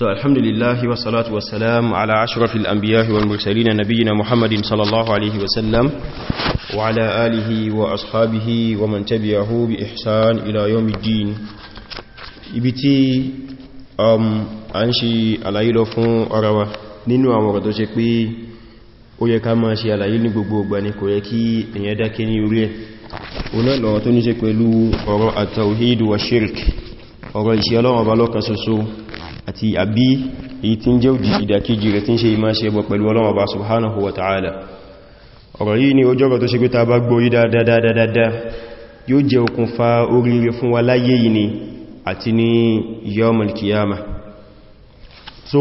So alhamdulillah wa salatu wa salam ala ashrafil anbiya wal mursalin nabiyina Muhammadin sallallahu alaihi wa sallam wa ala alihi wa ashabihi wa man tabi'ahu bi ihsan ila yawmiddin. Ibi tí um an shi àlàyé lọ fún orawa nínú àwọn ọ̀rọ̀ tó ṣe pé ó yẹ ká máa ṣe àlàyé ní gbogbo ìgbà ni kò yẹ kí èyàn dákẹ́ ní orí ẹ̀ ọ̀nà lọ́rọ̀ tó ní ṣe pẹ̀lú wa shirk ọ̀rọ̀ ìṣẹ́ ọlọ́run ọba lọ́kan ṣoṣo àti àbí èyí tí ń jẹ́ òdì ìdàkejì rẹ̀ tí ń ṣe ìmá ṣe ẹbọ pẹ̀lú Ọlọ́run Ọba subhanahu wa ta'ala ọ̀rọ̀ yìí ni ojú ọ̀rọ̀ tó ṣe pé ta bá gbọ́ yí dáadáa yóò jẹ́ okùnfà oríire fún wa láyé yìí ni àti ní yawmal qiyamah so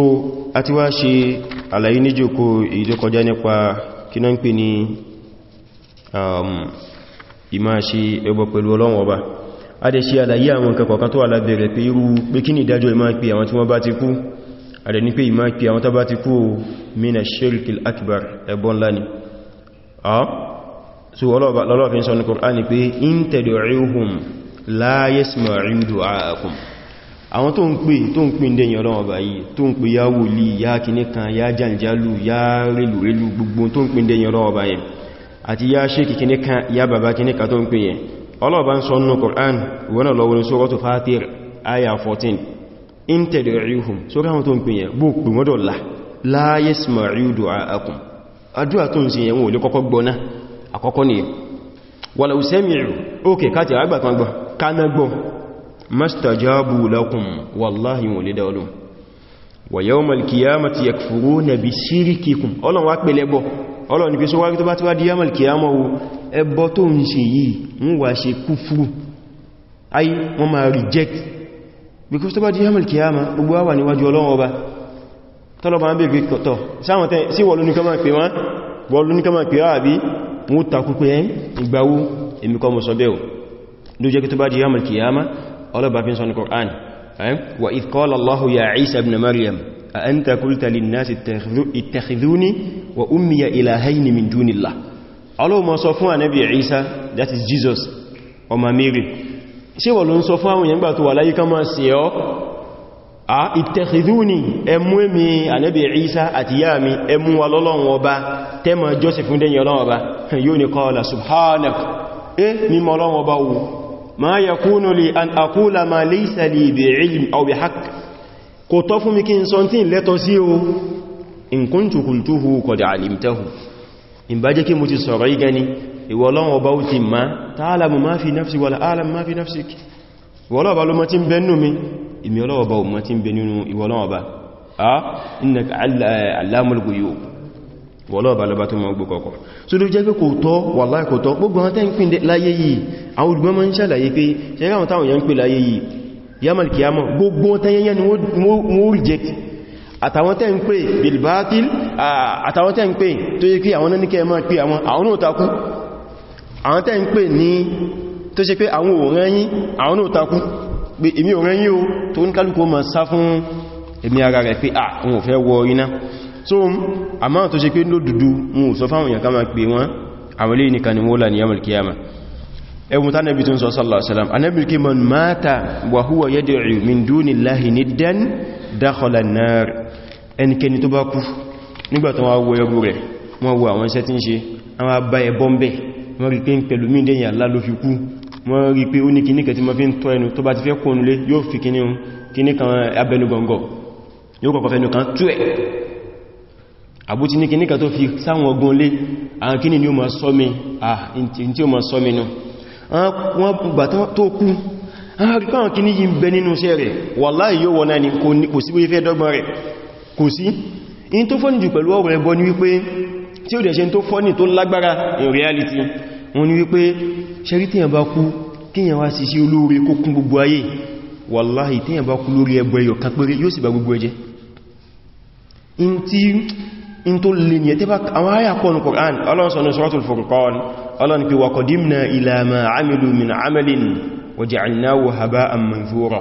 adẹ̀ ṣe àlàyé àwọn nǹkan kọ̀ọ̀kan tó wà lábẹ̀rẹ̀ pé irú pé kí ni ìdájọ́ ìmá pé àwọn tí wọ́n bá ti kú adẹ̀ ní pé ìmá àwọn tó bá ti kú mina shirkil akbar ẹbọn lani so lọ́lọ́fin sọ ní Kùránì pé in tad'uuhum la yasma'u du'aakum àwọn tó ń pè tó ń pè ń dẹ̀yìn ọlọ́wọ̀ báyìí tó ń pè ya wòlí ya kìní kan ya jàǹjálù ya rèlùrèlù gbogbo tó ń pè ń dẹ̀yìn ọlọ́wọ̀ báyìí àti ya ṣe kìkìní kan ya bàbá kìní kan tó ń pè yẹn ọlọ́ọ̀bá ń sọ nínú Qur'an wọ́nà lọ wọ́n sórọ́tù Fatir aya 14 in tad'uuhum sórí àwọn tó ń pè yẹn bó pè wọ́n dọ̀lá la yasma'u du'aakum àdúrà tó ń sin yẹn wọ́n lè kọ́kọ́ gbọ́ná àkọ́kọ́ ni walau sami'u ókè káàtì àgbà kan gbọ́ káná gbọ́ mastajabu lakum wallahi ọlọ́ni pé sọ wáyé tó bá ti wá di yamal kìyàmọ̀ o ẹbọ tó ń ṣe yìí ń wà ṣe kúfúrù ayé wọ́n máa reject because tó bá di yamal kìyàmọ̀ gbogbo wà níwájú ọlọ́run ọba tọ́lọ́bà ń bèèrè tọ̀ sáwọn tẹ́ sí wọ́lú ní kọ́mà pé wọ́n wọ́lú ní kọ́mà pé wà bí wọ́n takú pé أأنت قلت للناس اتخذوني وأمي إلهين من دون الله Ọlọ́hun má sọ fún Ànábì Ìsá that is Jesus ọmọ Mary ṣé wọ́n ló ń sọ fún àwọn èèyàn gbà tó wà láyé ká máa sí ọ́ a اتخذوني ẹmú èmi Ànábì Ìsá àti yá mi ẹmú wa lọ́lọ́run ọba tẹ́mọ̀ jọ́sì fún dẹ́yìn Ọlọ́run ọba yóò ní qala subhanak eh mímọ̀ Ọlọ́run ọba wo ma yakunu li an aqula ma laysa li bi'ilm aw bihaqq kò tọ́ fún mi kí n sọ tí lẹ́tọ́ sí o in kuntu qultuhu qad alimtahu in bá jẹ́ kí mo ti sọ̀rọ̀ yí gani ìwọ Ọlọ́run ọba ó ti ma ta'lamu ma fi nafsi wala a'lamu ma fi nafsik mi ìmì Ọlọ́run ọba ò mọ̀ tí ń bẹ nínú ìwọ Ọlọ́run ọba a innaka allamul ghuyub ìwọ Ọlọ́run ọba lọba tó mọ̀ gbogbo kọ̀kọ̀ so ló jẹ́ pé yamal kiyama gbogbo tanyanya ni wọ́n reject àtàwọn tẹ́ ń pè bilbatil àtàwọn tẹ́ ń pè tó yẹ kí àwọn níkẹ́ máa pè àwọn àwọn náà takú àwọn tẹ́ ń pè ní tó ṣe pé àwọn òrẹ́yìn àwọn náà takú pé èmi òrẹ́yìn o tó ń kálùkù ma sá fún èmi ara rẹ̀ pé àwọn ò wọ iná so àmá tó ṣe pé lódùdú wọn ò sọ fáwọn èèyàn ká máa pè wọn àwọn ni wọ́n lá ẹwùn tánà bí tún sọ sallallahu alaihi wasallam anábi kí man mata wa huwa yad'u min dunillahi niddan dakhala an-nar ẹnikẹni tó bá kú nígbàtí wọ́n wọ ẹbú rẹ̀ wọ́n wọ àwọn iṣẹ́ tí ń ṣe àwọn abá ẹbọ́ ń bẹ̀ wọ́n rí pé ń pẹ̀lú mí dẹ̀yìn Allah ló fi kú wọ́n rí pé ó ní kìníkẹ̀ tí ma fi ń tọ́ ẹnu tó bá ti fẹ́ Ah, wọ́n gbà tó kú àwọn ah, kìí yí bẹ nínú iṣẹ́ rẹ̀ wàláhì yóò wọ́n náà ni kò sí wípé dọ́gbọ́n rẹ̀ kò sí in tó fọ́nì jù pẹ̀lú ọ̀rọ̀ ẹgbọ́ ni wípé tí ó dẹ̀ tó fọ́nì tó lágbára in reality wọ́n ni wípé ṣẹ́rí tíyàn bá kú kíyàn wá sí sí olóore kó kún gbogbo ayé wàláhì tíyàn bá in tó lè ní ẹ̀tí bá àwọn àyà pọ̀ ní Qur'an Ọlọ́run sọ ní Suratul Furqan Ọlọ́run pé wa qadimna ila ma amilu min amalin wa ja'alnahu haba'an manthura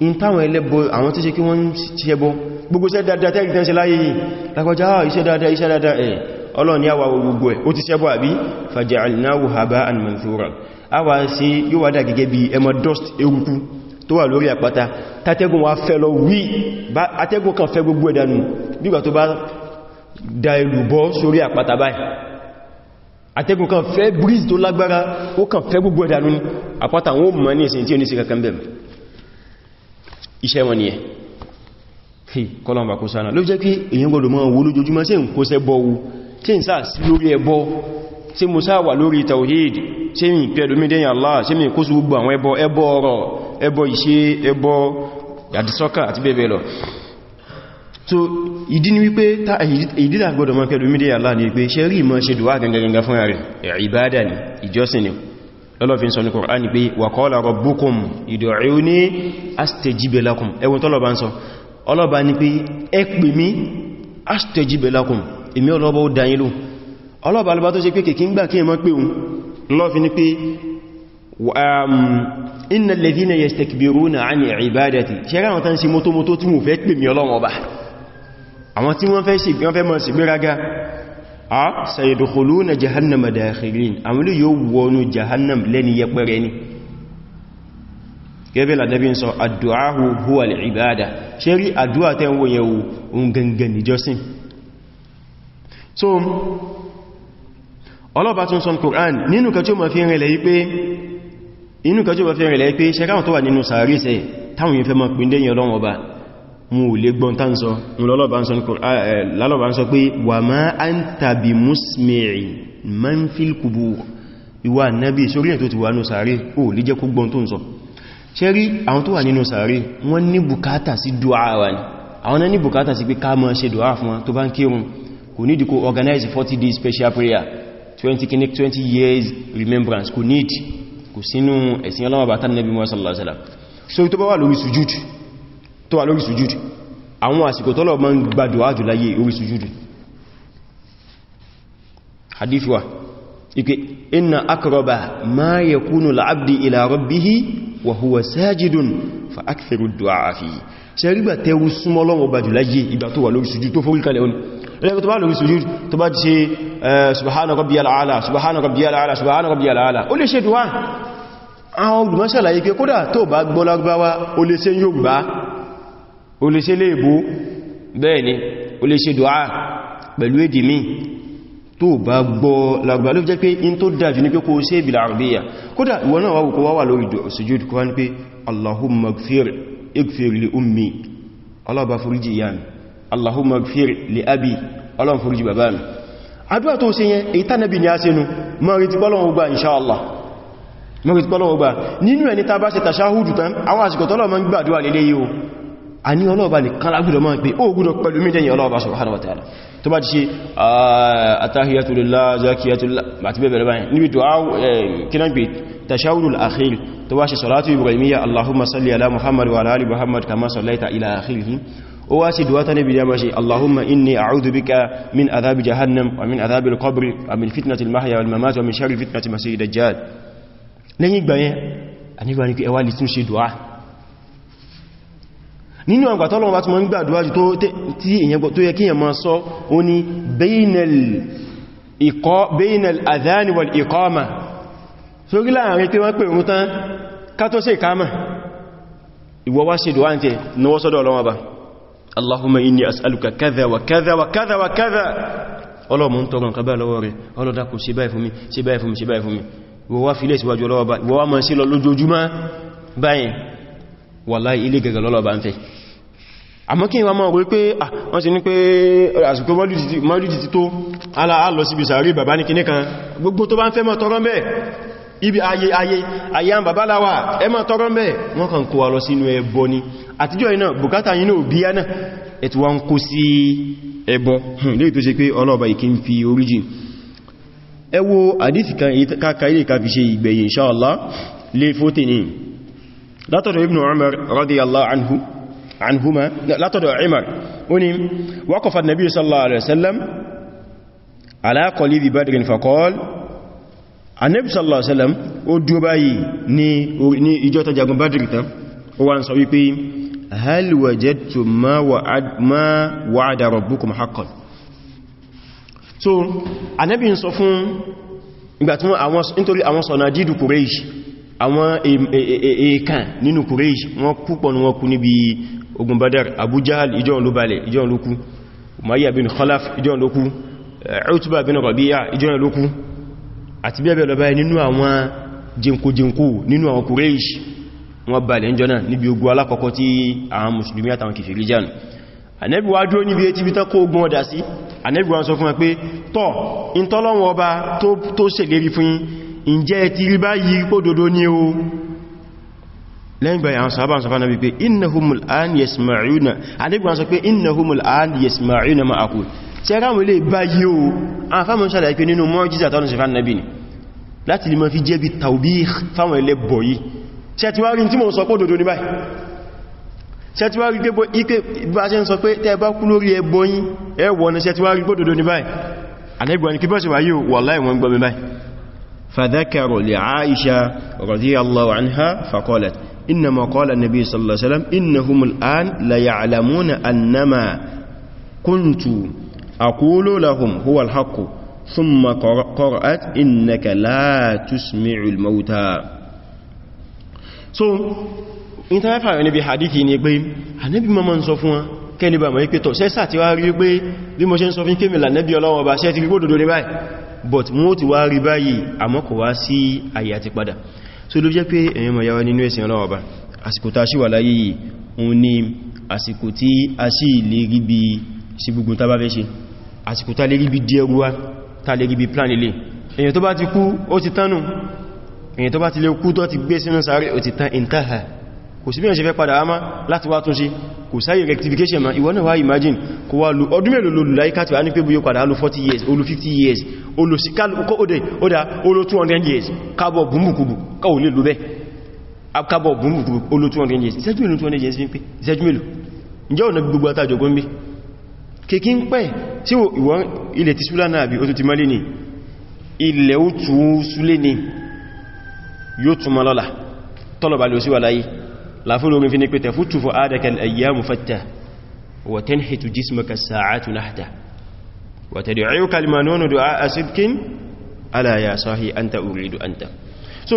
in táwọn ẹlẹ́bọ àwọn tí ṣe kí wọ́n ṣe bọ́ gbogbo iṣẹ́ dáadáa tẹ́rì tẹ́ ṣe láyé yìí lágbàjá ah, iṣẹ́ dáadáa iṣẹ́ dáadáa ẹ̀ eh, Ọlọ́run yá wa gbogbo ẹ̀ ó ti ṣe bọ́ àbí faja'alnahu haba'an manthura a wà sí yóò wádà gẹ́gẹ́ bí ẹmọ dust eruku tó wà lórí àpáta tátẹ́gùn wa fẹ́ lọ wí atẹ́gùn kan fẹ́ gbogbo ẹ̀dànù bí ìgbà tó bá da ìlúbọ́ sórí àpáta báyìí atẹ́gùn kan fẹ́ breeze tó lágbára ó kàn fẹ́ gbogbo ẹ̀dànú ní àpáta wọn mọ̀ ní ìsìn tí ó ní sí kankan bẹ̀rẹ̀ iṣẹ́ wọn nìyẹn fi kọlọmbà kó sára ló jẹ́ pé èyàn gbọdọ̀ mọ́ owó lójoojúmọ́ sí nǹkó bọ́ Allah tí mi kó sí gbogbo àwọn ẹbọ ẹbọ ọ̀rọ̀ ẹbọ so ìdí ni wípé ìdílà gbọdọ̀ mọ́ pẹ̀lú mídíà Allah ni wípé ṣe rí ìmọ̀ ṣe dùwà gangagangan fún ààrẹ ìbádà ni ìjọsìn ni lọ́lọ́fin sọ ní Qur'an ni pé wa qala rabbukum ud'uni astajib lakum ẹwùn tọ́lọ̀bá ń sọ ọlọ́bá ni pé ẹ pè mí astajib lakum èmi ọlọ́bá ó dáyín lóhùn ọlọ́bá alọ́bá tó ṣe pé kìkí ń gbà kí um, ẹ mọ́ àwọn tí wọ́n fẹ́ sí bí wọ́n fẹ́ mọ̀ sí gbéraga a sayadkhuluna jahannama dakhirin àwọn ilé yóò wọnú jahannam lẹ́ni yẹpẹrẹ ni gẹ́bẹ̀ lànàbí ń sọ àdúwà huwa al-ibada ṣe rí àdúwà tẹ́ wọ yẹ̀wò ohun gangan níjọsìn so ọlọ́pàá tún sọ Qur'an nínú kan tí ó ma fi rẹ̀lẹ̀ yí pé inú mú ò lè gbọ́n tán sọ lọ́lọ́bà ń sọ pé wà máa ń tàbí musmi'i man fil qubur ìwà náàbí sórí ẹ̀ tó ti wà ní sàárè ó lè jẹ́ kó gbọ́n tó ń sọ ṣẹ́rí àwọn tó wà nínú sàárè wọ́n ní bùkátà sí dùá wà ní àwọn tó bá organize 40 day special prayer 20 connect 20 years remembrance kò ní ìdí kò sínú ẹ̀sìn ọlọ́mọ̀bátán nabi muhammad sallallahu alaihi wasallam so tó wà lórí sujúdù tó wà lórí sujúdù àwọn àsìkò tọ́lọ̀ ma ń gbàdọ̀ ájù láyé orí sujúdù hadithuwa ike inna akraba ma yakunu al-abdi ila rabbihi wa huwa sajidun fa aktharu ad-du'a fi ṣe rígbà tẹ́rù súnmọ́ Ọlọ́run ọba jù láyé ìgbà tó wà lórí sujúdù tó forí kalẹ̀ òní ẹlẹ́gbẹ̀ tó bá lórí sujúdù tó bá ti ṣe subhana rabbiyal a'la subhana rabbiyal a'la o lè ṣe léèbó bẹ́ẹ̀ ni o lè ṣe dùá pẹ̀lú èdè míì tó bá gbọ́ lágbà ló jẹ́ pé in tó dájú ní pé kó ṣe bil arabiyya kódà ìwọ náà wà wùkọ́ wà lórí sujud kó wá ní pé allahumma gfir li ummi ọlọ́ba foríjì ìyá mi allahumma gfir li abi ọlọ́n foríjì bàbá mi àdúrà tó ṣe yẹn èyí a ní ọlọ́ọ̀bá ní kan lágbùdọ̀ máa ń pè ó gúdọ̀ pẹ̀lú méjèyìn ọlọ́ọ̀bá subhanahu wa ta'ala tó bá ti ṣe atahiyatulillah ah, zakiyatulillah àti bẹ́ẹ̀ bẹ̀rẹ̀ báyìí níbi du'a eh, kínan pé tashawurul akhir tó bá ṣe salatu ibrahimiyya allahumma salli ala muhammad wa ala ali muhammad kama sallaita ila akhirih ó wá sí duwata níbi da maṣe allahumma inni a'udhu bika min adhabi jahannam wa min adhabi al-qabr wa min nínú àgbà tọ́lọ́wọ́ bá ti mọ́ ń gbàdúwà jù tí èyàn tó yẹ kí èyàn máa sọ ó ní bainal adhan wal iqama sórí láàrin pé wọ́n pè rún tán ká tó ṣe ìkámà ìwọ wá ṣe dùwà tẹ náwọ́ sọ́dọ̀ ọlọ́wọ́ bá Allahumma inni as'aluka kadha wa kadha wa kadha wa kadha ọlọ́mù ń tọrọ nǹkan bá lọ́wọ́ rẹ̀ ọlọ́dákù ṣe wọ́n wá fílẹ̀ síwájú ọlọ́wọ́ wọ́n wá mọ́ sí lọ lójoojúmọ́ báyìí wàláhí ilé gẹ̀gẹ̀ lọ́lọ́bàá ń fẹ́ àmọ́ kí wọ́n máa rò pé wọ́n ti ní pé àsìkò mọ́lúdì ti tó aláà lọ síbi sàárì bàbá ní kìní gbogbo tó bá ń fẹ́ mọ́ tọrọ mẹ́ ibi ayé ayé ayé àwọn bàbá láwà ẹ mọ́ tọrọ mẹ́ wọ́n kàn kó wa lọ sínú ẹbọ ni àtijọ́ iná bùkátà yínú òbí yánà ẹ̀tù wọ́n kó sí ẹbọ hmm, léè tó ṣe pé ọlọ́ọ̀bà ìkí ń origin ẹ wo àdísì kan káka ilé ka fi ṣe ìgbẹ̀yìn Ibn Umar radiyallahu anhu عنهما لا تدع عمر وقف النبي صلى الله عليه وسلم على قليل بدر فقال النبي صلى الله عليه وسلم ودوباي ني ني اجوتا جاغون بدر تا وان سو هل وجدتم ما وعد ما وعد ربكم حقا so anabi ń sọ fún ìgbàtí àwọn nítorí àwọn sọ̀nà dídù kùrẹ́ìṣì àwọn èèkàn nínú kùrẹ́ìṣì wọ́n púpọ̀ ní wọ́n kú níbi ogun badar abu jahal ìjọ́n ló balẹ̀ ìjọ́n ló umayya bin khalaf ìjọ́n ló kú eh, utba bin rabi'a ìjọ́n ló kú àti bẹ́ẹ̀ bẹ́ẹ̀ lọ báyìí nínú àwọn jinkojinko nínú àwọn kureish wọ́n balẹ̀ ìjọ́nà níbi ogun alákọ̀ọ́kọ́ tí àwọn musulmi àtàwọn kìfèrí jánu anẹ́bí wá dúró níbi etí bítán kó ogun ọdá sí anẹ́bí wá sọ fún ẹ pé tọ́ ìntọ́lọ́wọ́ ọba tó ṣèlérí fún yín ǹjẹ́ ti rí báyìí kó dodo ní o lẹ́yìnbẹ̀ àwọn sàábà sọ fánà wípé innahumul an yasma'una àdígbà sọ pé innahumul an yasma'una ma aqul tí ara wọn lè bá yí o a fáwọn sàdá ìpé nínú mu'jiza tọ́nà sifan nabi ni láti lè mọ́ fi jẹ́bi tàbí fáwọn ilẹ̀ إنما قال النبي صلى الله عليه وسلم إنهم الآن ليعلمون أنما كنت أقول لهم هو الحق ثم قرأت إنك لا تسمع الموتى so in ta fara níbi hadithi ni pé Ànábì ma ma ń sọ fún wa kẹni ba ma ipe tọ̀ sẹ́sà ti wá rí pé bí mo ṣe ń sọ fún kémìlà nẹ́bí ọlọ́wọ́ bá ṣẹ́ ti rí gbódòdó ní báyìí but mo ti wá rí báyìí àmọ́ kò wá sí àyà so ló jẹ́ pé ẹ̀yin mọ̀ yáwa nínú ẹ̀sìn Ọlọ́run Ọba àsìkò tá a ṣì wà láyé yìí òun ni àsìkò tí a ṣì lè rí bí sí gbogbo tá bá fẹ́ ṣe àsìkò tá lè rí bí díẹ̀ ruwa lè rí bí plan lè èyàn tó bá ti kú ó ti tánu èyàn tó bá ti lè kú tó ti gbé sínú sáré ó ti tán intaha kò sí bí ẹ̀ṣẹ́ fẹ́ padà á má láti wá tún sí kò sáyé rectification ma ìwọ náà wá imagine kò wá lò ọdún mélòó lò láìká tí wá ní pé bóyó padà lò 40 years olù 50 years olù kó òdè òdà olù 200 years kábọ̀ bùnbùkùbù káwò lè lò bẹ́ kábọ̀ bùnbùkùbù olù years ìṣẹ́jú mélòó 200 years fi ń pé ìṣẹ́jú mélòó ǹjẹ́ ọ̀nà gbogbo àtàjọ̀gbọ́n bí kìkí ń pẹ́ tí ìwọ ni ilẹ̀ ó tún ni yóò tún mọ́ lọ́la tọ́lọ̀bà lè ó sí wà láyé láfúlórin fi ní pé tẹ̀fútù fún ádẹ́kẹl ayyamu fatta wa tanhitu jismaka sa'atu nahta wa tad'uka limanunu du'a asibkin ala ya sahi anta uridu anta so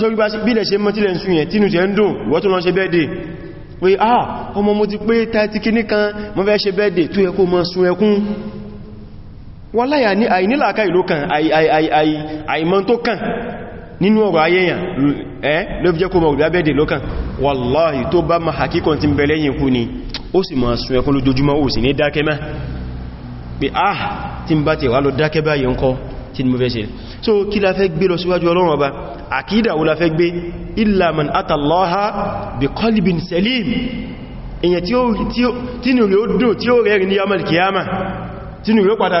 sori ba bí lẹ̀ ṣe mọ́tílẹ̀ sun yẹn tínú ṣe ń dùn wọ́n tún lọ ṣe bẹ́ẹ̀dẹ̀ pé ah ọmọ mo ti pé tàti kìní kan mọ́ fẹ́ ṣe bẹ́ẹ̀dẹ̀ tó yẹ kó mọ́ sun ẹkún wọ́n láyà ní àìnílàkà ìlú kan àìmọ́ tó kàn nínú ọ̀rọ̀ ayéyàn ẹ́ ló fi jẹ́ kó mọ̀rọ̀ lábẹ́dẹ̀ lọ́kàn wallahi tó bá ma hakíkọ̀ tí ń bẹ lẹ́yìn kú ni ó sì ma sun ẹkún lójoojúmọ́ ó sì ní dákẹ́ mẹ́ pé ah tí ń bá ti wà lọ dákẹ́ báyìí ń kọ́ tí mo so kí la fẹ́ gbé lọ síwájú illa man atallaha bi qalbin salim èyàn tí ní orí ó dùn tí ó rẹ̀rin ní yamal kiyama tí ní orí ó padà